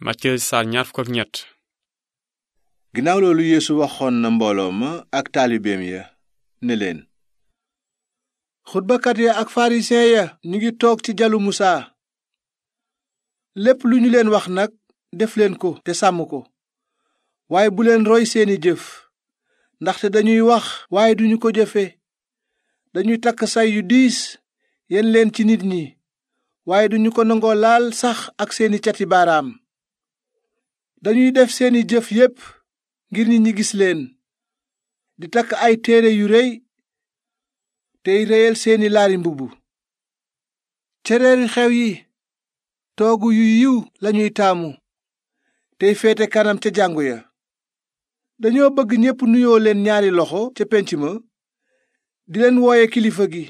Matthieu saar ñaar ñett. ginnaaw loolu yéesu waxoon na mbooloo ma ak taalibeem ya ne leen xutbakat ya ak farisiyen ya ñu ngi toog ci jalu musaa lépp lu ñu leen wax nag def leen ko te sàmm ko waaye bu leen roy seeni jëf ndaxte dañuy wax waaye duñu ko jëfe dañuy takk say yu diis yenn leen ci nit ñi waaye duñu ko nangoo laal sax ak seeni cati baaraam dañuy def seeni jëf yépp ngir nit ñi gis leen di takk ay téere yu rëy tey réyal seeni laari mbubb cereeru xew yi toogu yu yiw lañuy taamu tey féete kanam ca jàngu ya dañoo bëgg ñépp nuyoo leen ñaari loxo ca pénc ma di leen wooye kilifa gi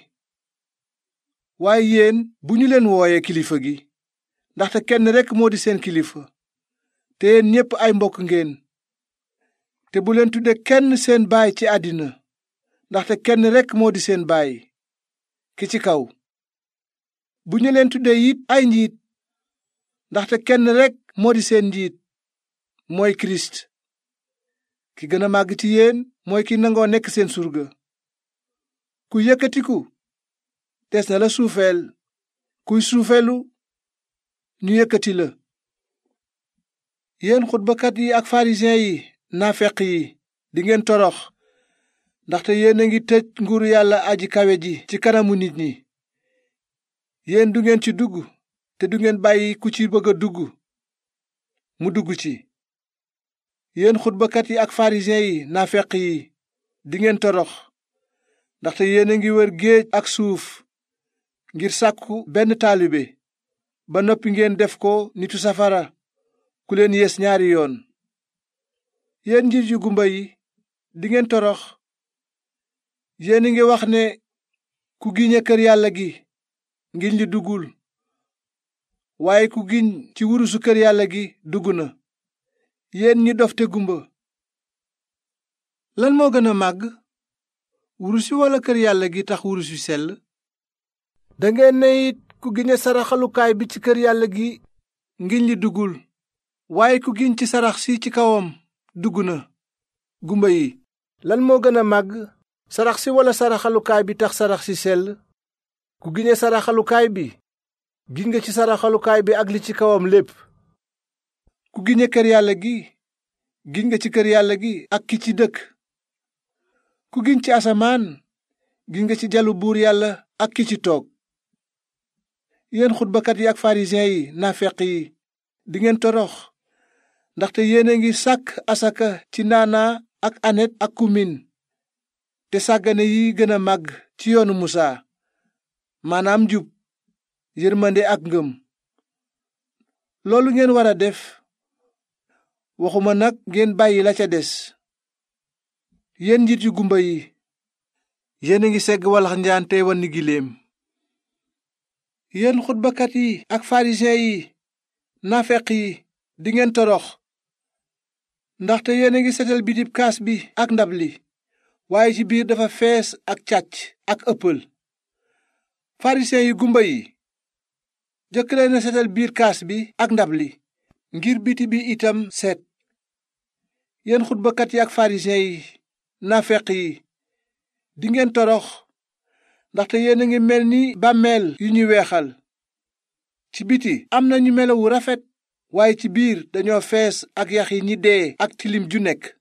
waaye yéen bu ñu leen wooye kilifa gi ndaxte kenn rekk moo di seen kilifa te yéen ñépp ay mbokk ngéen te bu leen tudde kenn seen baay ci àddina ndaxte kenn rekk moo di seen baay ki ci kaw bu ñu leen tuddee yit ay njiit ndaxte kenn rekk moo di seen njiit mooy kirist ki gën a màgg ci yéen mooy ki nangoo nekk seen surga ku yëkkatiku des na la suufeel kuy suufeelu ñu yëkkati la yéen xutbakat yi ak farisiyen yi naafeq yi dingeen torox ndaxte yéen a ngi tëj nguur yàlla aji kawe ji ci kanamu nit ñi yéen du ngeen ci dugg te du ngeen bàyyi ku ci bëgg a dugg mu dugg ci yéen xutbakat yi ak farisiyen yi naafeq yi dingeen torox ndaxte yéen a ngi wër géej ak suuf ngir sàkku benn taalibe ba noppi ngeen def ko nitu safara ku leen yées ñaari yoon yéen njiit yu gumba yi dingeen torox yéen a ngi wax ne ku giñe kër yàlla gi ngiñ li duggul waaye ku giñ ci wurusu kër yàlla gi dugg na yéen ñi dof te gumba lan moo gën a màgg wurus yi walla kër yàlla gi tax wurus yu sel dangeen ne ku giñe saraxalukaay bi ci kër yàlla gi ngiñ li duggul waaye ku giñ ci sarax si ci kawam dugg na gumba yi lan moo gën a màgg sarax si walla saraxalukaay bi tax sarax si sel ku giñe saraxalukaay bi giñ nga ci saraxalukaay bi ak li ci kawam lépp ku giñe kër yàlla gi giñ nga ci kër yàlla gi ak ki ci dëkk ku giñ ci asamaan giñ nga ci jalu buur yàlla ak ki ci toog yéen xutbakat yi ak farisiyen yi naafeq yi dingeen torox ndaxte yéen a ngi sàkk asaka ci naanaa ak anet ak kumin te sàggane yi gën a màgg ci yoonu musaa maanaam njub yërmande ak ngëm loolu ngeen war a def waxuma nag ngeen bàyyi la ca des yéen njiit yu gumba yi yéen a ngi segg walax njaan te wanni giléem yéen xutbakat yi ak farisiyen yi nafeq yi dingeen torox ndaxte yéen a ngi setal bidib kaas bi ak ndab li waaye ci biir dafa fees ak càcc ak ëppal farisiyen yi gumba yi jëkk leen a setal biir kaas bi ak ndab li ngir biti bi itam seet yéen xutbakat yi ak farisiyen yi feq yi dingeen torox ndaxte yéen a ngi mel ni bàmmeel yu ñuy weexal ci biti am na nañu melawu rafet waaye ci biir dañoo fees ak yax yi ñi dee ak tilim ju nekk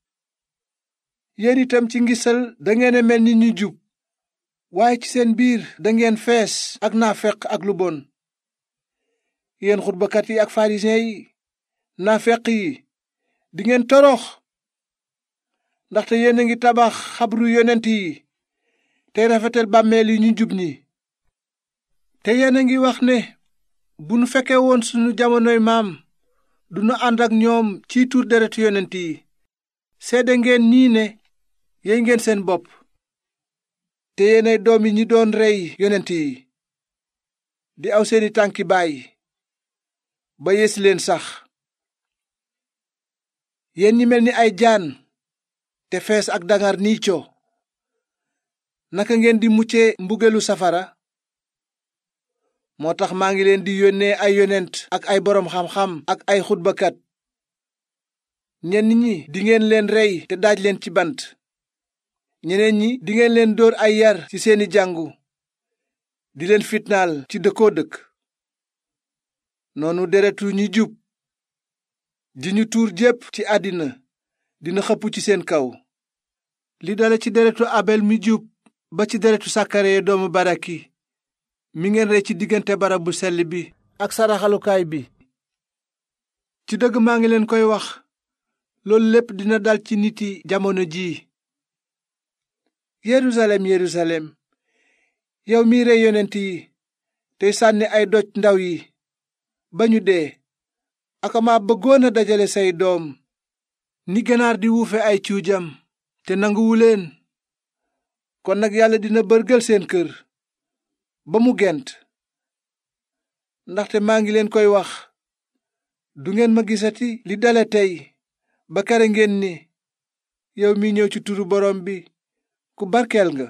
yéen itam ci ngisal dangeen a mel ni ñu jub waaye ci seen biir dangeen fees ak naafeq ak lu bon yéen xutbakat yi ak farisiyen yi naafeq yi dingeen torox ndaxte yéen a ngi tabax xabru yonent yi tey rafetal bàmmeel yi ñu jub ñi te yéen a ngi wax ne bu nu fekkee woon sunu jamonoy maam dunu ànd ak ñoom ci tuur deretu yonent yi seede ngeen ñii ne yey ngeen seen bopp te yéenay doom yi ñi doon rey yonent yi di aw seeni tànki baay ba yées leen sax yéen ñi mel ni ay jaan te fees ak dangar niico naka ngeen di mucce mbugelu safara moo tax maa ngi leen di yónnee ay yonent ak ay boroom xam-xam ak ay xutbakat ñenn ñi dingeen leen rey te daaj leen ci bant ñeneen ñi dingeen leen dóor ay yar ci seeni jàngu di leen fitnaal ci dëkkoo dëkk noonu deretu ñi jub ji ñu tuur jépp ci àddina dina xëppu ci seen kaw li dale ci deretu abel mi jub ba ci deretu sakare doomu baraki mi ngeen ci diggante barab bu bi ak saraxalukaay bi ci dëgg maa ngi leen koy wax loolu lépp dina dal ci nit yi jamono jii yerusalem yerusalem yow mii rey yonent yi tey sànni ay doj ndaw yi ba ñu dee akamaa bëggoon a dajale say doom ni ganaar di wuufe ay cuujam te nanguwu leen kon nag yàlla dina bërgël seen kër ba mu gent ndaxte maa ngi leen koy wax du ngeen ma gisati li dale tey ba kere ngeen ni yow mi ñëw ci turu borom bi ku barkeel nga